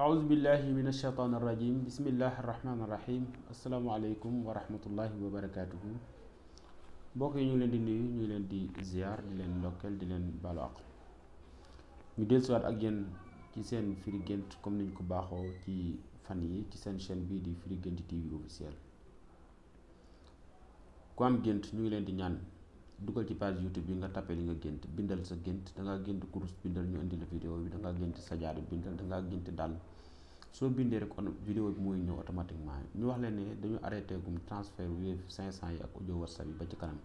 أعوذ بالله من الشيطان الرجيم بسم الله الرحمن الرحيم السلام عليكم ورحمة الله وبركاته mbokk yi ñu leen di nuyu ñu ngi leen di ziar di leen ndokkeel di leen baalu àq ñu dellusiwaat ak yéen ci seen firi gént comme niñ ko baaxoo ci fan yi ci seen chaîne bii di firi gént TV officiel ku am gént ñu ngi leen di ñaan dugal ci page YouTube bi nga tappe li nga gént bindal sa gént dangaa gént kurus bindal ñu indi la vidéo bi dangaa gént sajaada bindal dangaa gént dàll soo bindee rek on vidéo bi mooy ñëw automatiquement ñu wax leen ne dañu arrêté gum transfert Wave 500 yi ak audio WhatsApp yi ba ci kanam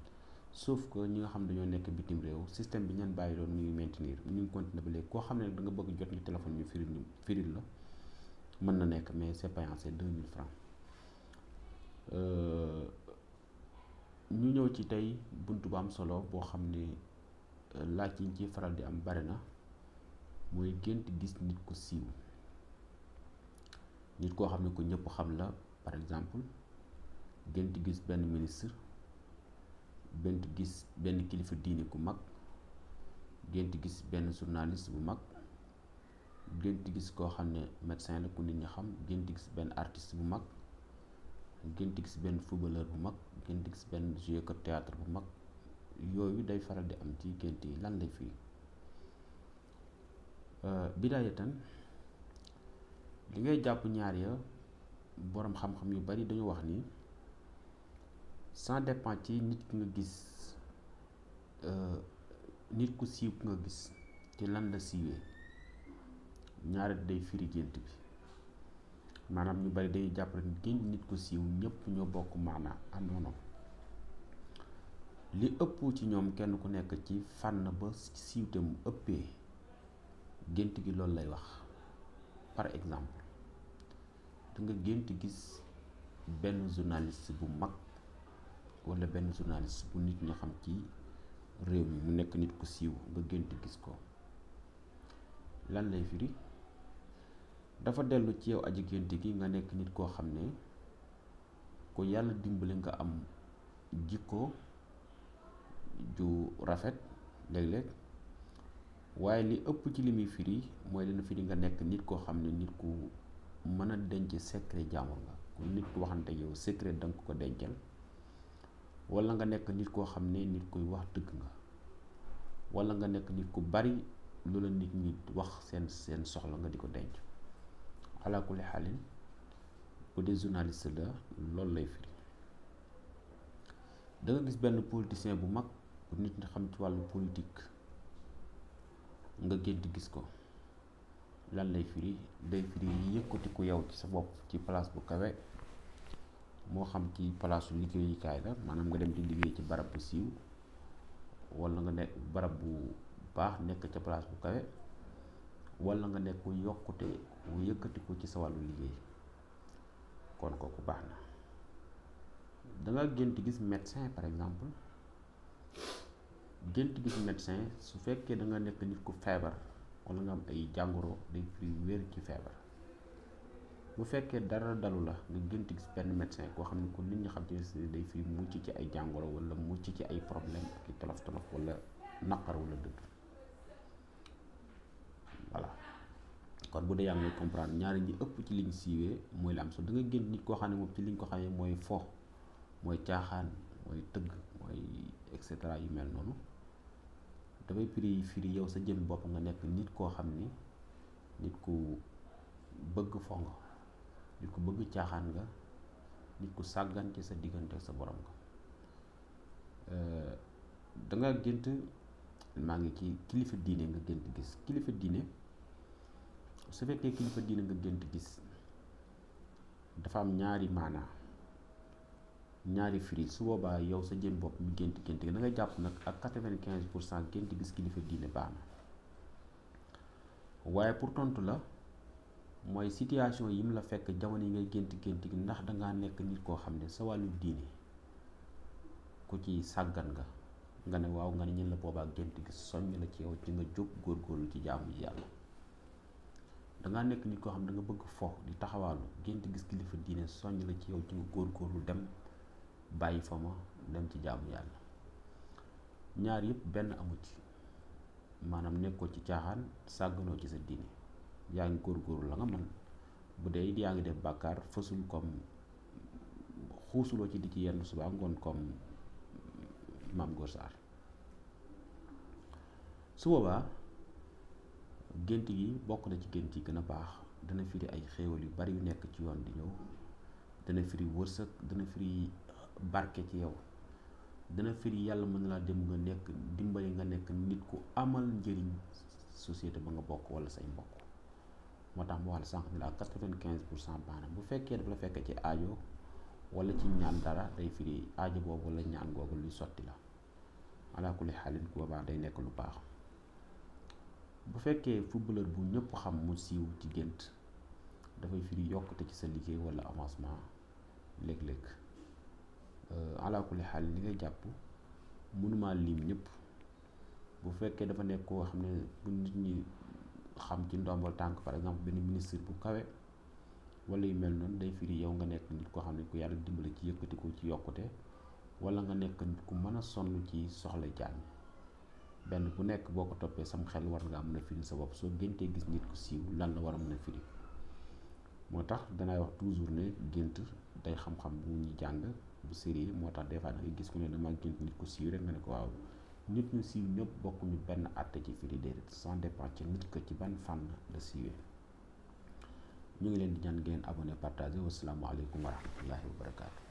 sauf que ñi nga xam dañoo nekk bitim réew système bi ñan bàyyi doon mu ngi maintenir ñu ngi continuer ba koo xam ne nag da nga bëgg jot ni téléphone ñu firil ñu firil la mën na nekk mais ñu ñëw ci tey bunt bu am solo boo xam ne euh, laaj yi ñu ciy faral di am bari na mooy gént gis nit ko siiw nit koo xam ne ko ñëpp xam la par exemple gént gis benn ministre gént gis benn kilifa diine ku mag gént gis benn journaliste bu mag gént gis koo xam ne médecin la ku nit ñi xam gént gis benn artist bu mag ngeen di gis benn footballeur bu mag ngeen di gis benn joueur théâtre bu mag yooyu day faral di am ci gént yi lan la fii euh, bidaayatan li ngay jàpp ñaar ya boroom xam-xam yu bari dañu wax ni ça dépend ci nit ki nga gis euh, nit ku siiw nga gis ci lan la siiwee ñaar day firi gént bi maanaam ñu mm. bari day jàpp génn nit ku siiw ñépp ñoo bokk maana am noonu li ëpp ci ñoom kenn ku nekk ci fànn ba siiwte mu ëppee gént gi loolu lay wax par exemple danga gént gis benn journaliste bu mag walla benn journaliste bu nit ñi xam ci réew mi mu nekk nit ku siiw nga gént gis ko lan lay firi dafa dellu ci yow aji génte gi nga nekk nit koo xam ne ku yàlla dimbali nga am jikko ju rafet léeg-léeg waaye li ëpp ci limuy muy firi mooy leen firi nga nekk nit koo xam ne nit ku mën a denc secret jàmbur nga ku nit ku waxante yow secret danga ko dencal wala nga nekk nit koo xam ne nit kuy wax dëgg nga wala nga nekk nit ku bari lu la nit ñi wax seen seen soxla nga di ko denc alaakulli xaalin bu dee journaliste la loolu lay firi da gis benn politicien bu mag nit xam ci wàllu politique nga gént gis ko lan lay firi day firi yëkkatiku yow ci sa bopp ci place bu kawe moo xam ci palaasu liggéeyukaay la maanaam nga dem di liggéey ci barab bu siiw walla nga ne barab bu baax nekk ca place bu kawe wala nga nekk ku yokkute wu yëkkatiku ci sa wàllu liggéey kon kooku baax na danga gént gis médecin par exemple gént gis médecin su fekkee da nga nekk nit ku feebar wala nga am ay jàngoro day firi wér ci feebar bu fekkee dara dalu la nga gént gis benn médecin koo xam ne ku nit ñi xam ne day firi mucc ci ay jàngoro wala mucc ci ay problème ak i tolof tolof wala naqar wala dëgg kon bu dee yaa ngi comprendre ñaari ñi ëpp ci liñ siiwee mooy la am solo da nga génn nit koo xam ne moom ci liñ ko xamee mooy fo mooy caaxaan mooy tëgg mooy et cetera yu mel noonu dafay firi firi yow sa jën bopp nga nekk nit koo xam ne nit ku bëgg fo nga nit ku bëgg caaxaan nga nit ku sàggan ci sa diggante sa borom nga euh, da nga gént maa ngi ci kilifa diine nga gént gis kilifa diine. su fekkee kilifa diina nga gént gis dafa am ñaari maanaa ñaari firi su boobaa yow sa jëm bopp mi gént gént da nga jàpp nag ak quatre vingt pour cent gént gis kilifa diine baax na waaye pour tontu la mooy situation yi mu la fekk jamono yi ngay gént gént gi ndax dangaa nekk nit koo xam ne sa wàllu diine ku ci sàggan nga nga ne waaw nga ne ñen la boobaa gént gis soññ la ci yow ci nga góor góorgóorlu ci jaamu yàlla dangaa nekk nit koo xam da nga bëgg fo di taxawaalu gént gis kilifa diine soññ la ci yow ci nga góorgóorlu dem bàyyi fa ma dem ci jaamu yàlla ñaar yépp benn amu ci maanaam nekkoo ci caaxaan sàgganoo ci sa diine yaa ngi góorgóorlu la nga mën bu dee yaa ngi def bàkkaar fësul comme xuusuloo ci di ci yenn suba ngoon comme maam Góor Saar su boobaa gént gi bokk na ci gént yi gën a baax dana firi ay xéewal yu bari yu nekk ci yoon di ñëw dana firi wërsëg dana firi uh, barke ci yow dana firi yàlla mën na laa dem nga nekk dimbali nga nekk nit ku amal njëriñ société ba nga bokk wala say mbokk moo tax mu wax la sànq ni la ak quatre-vingt-quinze pour cent baax na bu fekkee dafa la fekkee ci aajo wala ci ñaan dara day firi aajo boobu wala ñaan googu luy sotti la alaakulli xaalin ku boobaa day nekk lu baax. bu fekkee footballeur bu ñëpp xam mu siiw ci gént dafay firi yokkute ci sa liggéey wala avancement léeg-léeg euh, ala kulli xaal li nga jàpp mënumaa lim ñëpp bu fekkee dafa nekk koo xam ne bu nit ñi xam ci ndombal tànk par exemple benn ministre bu kawee wala yu mel noonu day firi yow nga nekk nit koo xam ne ku yàlla dimbale ci yëkkati ci yokkute wala nga nekk nit ku mën a sonn ci soxla jaam benn bu nekk boo ko toppee sam xel war ngaa mën a firi sa bopp soo géntee gis nit ko siiw lan la war a mën a firi moo tax danaay wax toujours ne gént day xam-xam bu ñuy jàng bu sérieux moo tax des fois dangay gis ku ne dama gént nit ko siiw rek nga ne ko waaw nit ñu siiw ñëpp bokkuñu benn àtte ci firi déedéet sans dépend ci nit ko ci ban fànn la siiwee ñu ngi leen di ñaan ngeen abonné partage wasalaamualeykum wa rahmatullahi wa barakaatu